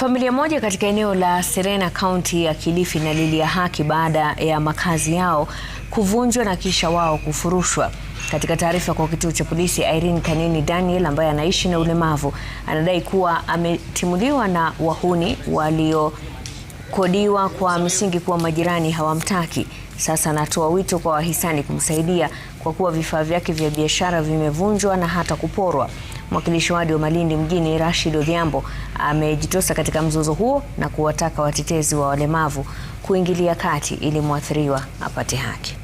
Familia moja katika eneo la Serena kaunti ya Kilifi inalilia haki baada ya makazi yao kuvunjwa na kisha wao kufurushwa. Katika taarifa kwa kituo cha polisi, Irene Kanini Daniel ambaye anaishi na ulemavu anadai kuwa ametimuliwa na wahuni waliokodiwa kwa msingi kuwa majirani hawamtaki. Sasa anatoa wito kwa wahisani kumsaidia kwa kuwa vifaa vyake vya biashara vimevunjwa na hata kuporwa. Mwakilishi wadi wa Malindi mjini Rashid Odhiambo amejitosa katika mzozo huo na kuwataka watetezi wa walemavu kuingilia kati ili mwathiriwa apate haki.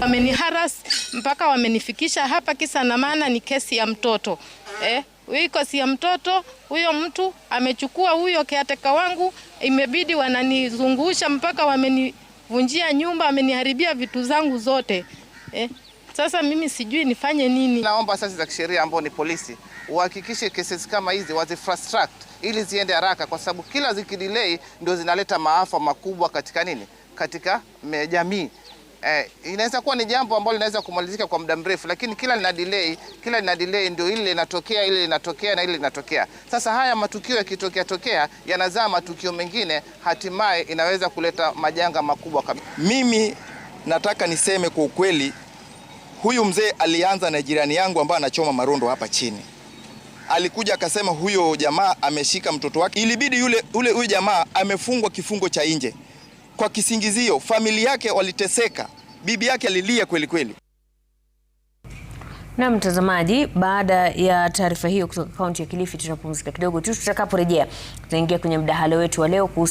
Wameniharas mpaka wamenifikisha hapa, kisa na maana ni kesi ya mtoto eh? Hii kesi ya mtoto huyo, mtu amechukua huyo keateka wangu, imebidi wananizungusha mpaka wamenivunjia nyumba, ameniharibia vitu zangu zote eh? Sasa mimi sijui nifanye nini. Naomba asasi za kisheria ambao ni polisi uhakikishe kesi kama hizi wazi ili ziende haraka, kwa sababu kila zikidelay ndio zinaleta maafa makubwa katika nini, katika jamii. Eh, inaweza kuwa ni jambo ambalo linaweza kumalizika kwa muda mrefu, lakini kila lina delay, kila lina delay ndio ile inatokea ile inatokea na ile inatokea. Sasa haya matukio yakitokea tokea yanazaa matukio mengine, hatimaye inaweza kuleta majanga makubwa kabisa. Mimi nataka niseme kwa ukweli Huyu mzee alianza na jirani yangu ambaye anachoma marundo hapa chini, alikuja akasema huyo jamaa ameshika mtoto wake. Ilibidi yule ule huyu jamaa amefungwa kifungo cha nje kwa kisingizio, familia yake waliteseka, bibi yake alilia kweli kweli. Na mtazamaji, baada ya taarifa hiyo kutoka kaunti ya Kilifi, tunapumzika kidogo tu. Tutakaporejea tutaingia kwenye mdahalo wetu wa leo kuhusu